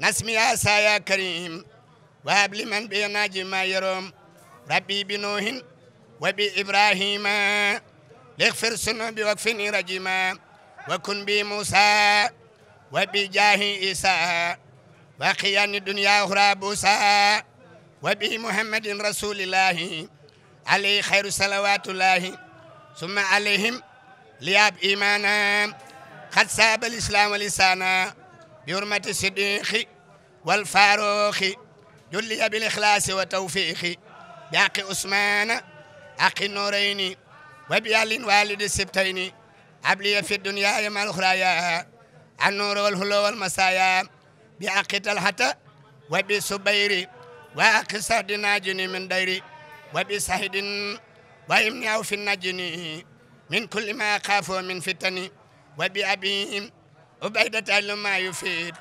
نسمي يا يا كريم وهب لمن بينا جما يروم ربي إبراهيم وبإبراهيم اغفر سنه بوقفني رجما وكن بي موسى وبجاه عيسى وقيان الدنيا هرابوسا وبي محمد رسول الله عليه خير صلوات الله ثم عليهم لياب إيمانا قد ساب الإسلام لسانا يرمة الصديق والفاروق جلي بالإخلاص وتوفيق بحق أسمان أخي النورين وبيال والد السبتين أبلي في الدنيا يما الأخرى يا النور والهلو والمسايا بحق تلحة وبسبير وأخ سعد ناجني من ديري وبسهد وإمنعه في النجني من كل ما خافوا من فتني وبأبيهم وبعدت عن ما يفيد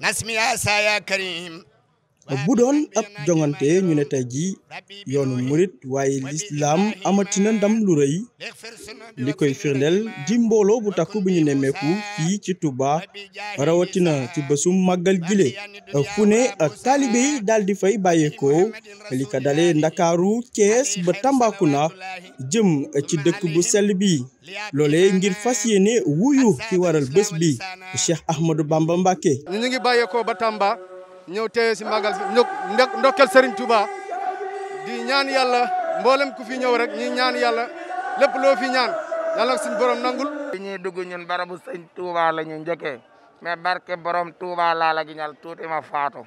نسمي عسى يا كريم bu doon ab jongante ñu ne tey jii yoonu murit waaye lislaam amatina ndam lu rëy li koy firndeel di mbooloo bu takk bu ñu nemmeeku fii ci Touba rawatina ci bésum màggal gile fu ne taalibe yi daal di fay bàyyeekoo li ko dalee Ndakaaru Cees ba Tambacounda jëm ci dëkk bu sell bi loole ngir fas yéene wuyu ki waral bés bi Cheikh Ahmadou Bamba Mbacké ñu ngi bàyyeekoo ba Tamba. ñëw teewe si màggal ndok ndokkel Serigne Touba di ñaan yàlla mboolem ku fi ñëw rek ñi ñaan yàlla lépp loo fi ñaan yàlla suñu borom nangul. li ñuy dugg ñun barabu sëñ la ñu njëkkee mais barke borom Touba laa la giñal tuuti ma faatu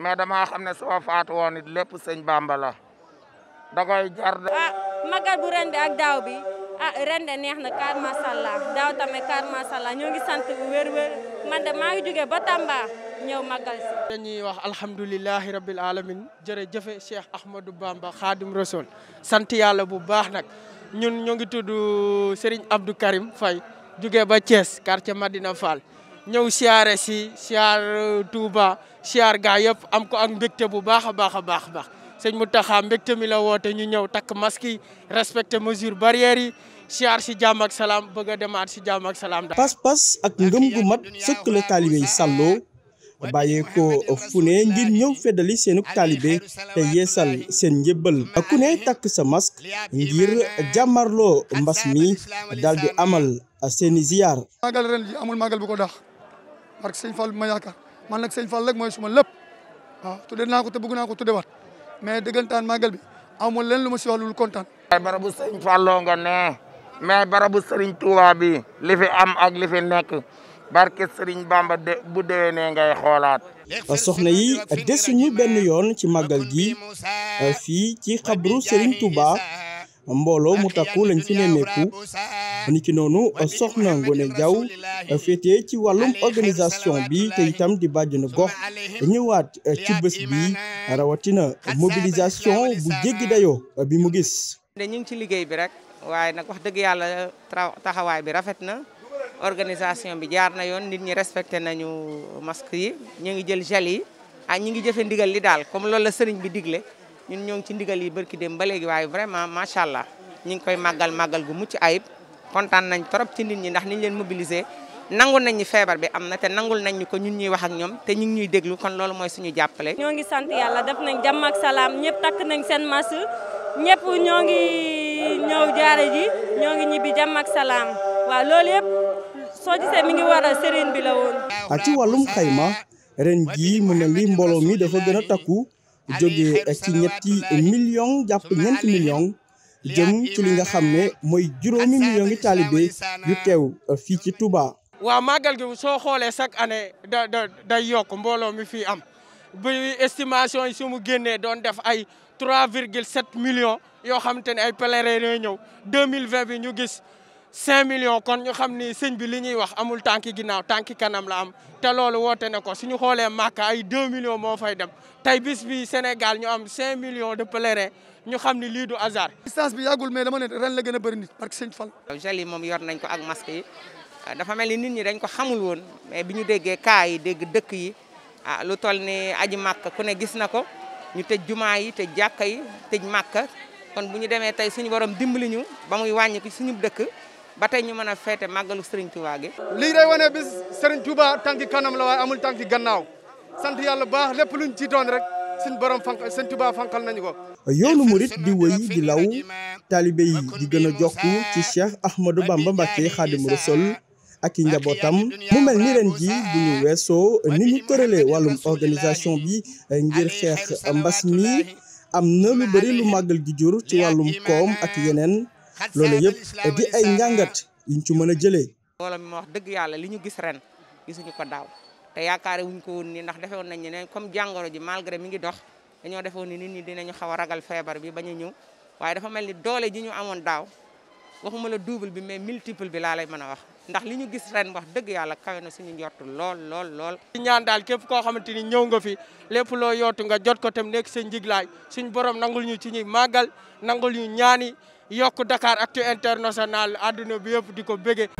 mais damaa xam ne soo faatu woon it lépp bambala Bamba la da koy ah, bu ren ak daaw bi ah ren neex na kàr macha daaw tamit kàr macha allah ngi sant wér man de maa ngi ba Tamba ñëw màggal si. dañuy wax alhamdulilahi rabil alamin jërëjëf sheikh Ahmadou Bamba Khadim Rasoul sant yàlla bu baax nag ñun ñoo ngi tudd Serigne Abdou Karim fay jóge ba Thiès quartier Madina Fall ñëw siyaare si siyaar Touba siyaar gaa yëpp am ko ak mbégte bu baax a baax a baax a baax. sëñ Mountakha mbégte mi la woote ñu ñëw takk maski yi respecté mesure barrière yi siyaar si jàmm ak salaam bëgg a demaat si jaam ak salaam. pas-pas ak ngëm gu mat sëkk la taalibe yi sàlloo bàyyee ko fu ñëw feddali seenu taalibe te yeesal seen ak ku takk sa masque ngir jàmmarloo mbas mi daal di amal seeni ziyaar. màggal ren ji amul màggal bu ko dax parce que sëñ Fall ma yaakaar man nag sëñ Fall rek mooy suma lépp waaw tudde naa ko te bëgg naa ko tuddewaat mais dëggantaan màggal bi amul leen lu ma si wax lu kontaan. mais barabu Sëriñ Fallou nga ne mais barabu Sëriñ Touba bi li fi am ak li fi nekk barke Sëriñ Bamba de bu déwénee ngay xoolaat. Ah, soxna yi desuñu benn yoon ci màggal gi ah, fii ci xabru Sëriñ Touba mbooloo mu takku lañ fi nemmeeku niki noonu soxna Ngoné Diaw féetee ci wàllum organisation bi itam di bàjjenu gox ñëwaat eh, ci bés bi rawatina mobilisation bu jéggi dayoo eh, bi mu gis. ñu ngi ci liggéey bi rek waaye nag wax dëgg yàlla taxawaay bi rafet na organisation bi jaar na yoon nit ñi respecté nañu masque yi ñu ngi jël gel yi ah ñu ngi jëfe ndigal li daal comme loolu la sëriñ bi digle ñun ñoo ngi ci ndigal yi bërki dem ba léegi waaye vraiment macha allah ñu ngi koy màggal màggal gu mucc ayib. kontaan nañ trop ci nit ñi ndax niñ leen mobiliser nangul nañ ñu feebar bi am na te nangul nañ ñu ko ñun ñuy wax ak ñoom te ñu ngi ñuy déglu kon loolu mooy suñu jàppale. ñoo ngi sant yàlla def nañ jàmm salaam ñëpp takk nañ seen masque ñëpp ñoo ngi ñëw jaare ji ñoo ngi ñibbi jàmm ak salaam waaw loolu yëpp soo gisee mi ngi mbooloo mi dafa gën a takku jógee ci jàpp ñeenti millions. jëm ci li nga xam ne mooy juróomi million ngi taalibe yu teew uh, fii ci Touba. waa màggal gi soo xoolee chaque année da day yokk mbooloo mi fii am bi estimation yi su mu génnee doon def ay 3 virgule 7 million yoo xam te ne ay pèlerins ñooy ñëw 2020 bi ñu gis 5 million kon ñu xam ni sëñ bi li ñuy wax amul tànki ginnaaw tànki kanam la am te loolu woote ne ko suñu xoolee Màkka ay 2 millions moo fay dem tey bis bi Sénégal ñu am 5 million de pèlerins. ñu xam ne lii du hasard. distance bi yàggul mais dama ne ren la a bëri nit parce que sëñ Fall. yor nañ ko ak masque ah, dafa mel ni nit ñi dañ ko xamul woon me bi ñu déggee cas yi dégg dëkk yi ah lu tol ni aji màkk ku ne gis na ko ñu tëj jumaa yi tëj jàkka yi tëj màkk kon bu ñu demee tey suñu borom dimbali ñu ba muy wàññi suñu dëkk ba tey ñu mën a feete màggalu Serigne Touba gi. lii day wane bis Serigne Touba tànki kanam la waaye amul tànki gannaaw sant yàlla baax lépp luñ suñ borom fanqal sëñ Tuubaa fanqal nañu ko. yoonu murit di wëy di law taalibe yi di gën a jokk ci Cheikh Ahmadou Bamba Mbacké Xaadimu Rasuul ak i njabootam mu mel ni ren ji bu ñu weesoo ni ñu tëralee wàllum organisation bi eh, ngir xeex mbas mi am na lu bëri lu màggal gi jur ci wàllum koom ak yeneen loolu yëpp eh, di ay njàngat yuñ ci mën a jëlee. mbooloo dëgg yàlla li ñu gis ren gisuñu ko te yaakaare wuñ ko woon ni ndax defe woon nañ ne comme jàngoro ji malgré mi ngi dox dañoo defoon ni nit ñi dinañu xaw a ragal feebar bi bañ a ñëw waaye dafa mel ni doole ji ñu amoon daaw waxuma la double bi mais multiple bi laa lay mën a wax ndax li ñu gis ren wax dëgg yàlla kawe na suñu njort lool lool lool. ñaan daal képp koo xamante ni ñëw nga fi lépp loo yootu nga jot ko tam nekk sa njiglaay suñu borom nangul ñu ci ñuy màggal nangul ñu ñaani yokk Dakar Actu International àdduna bi yëpp di ko bëggee.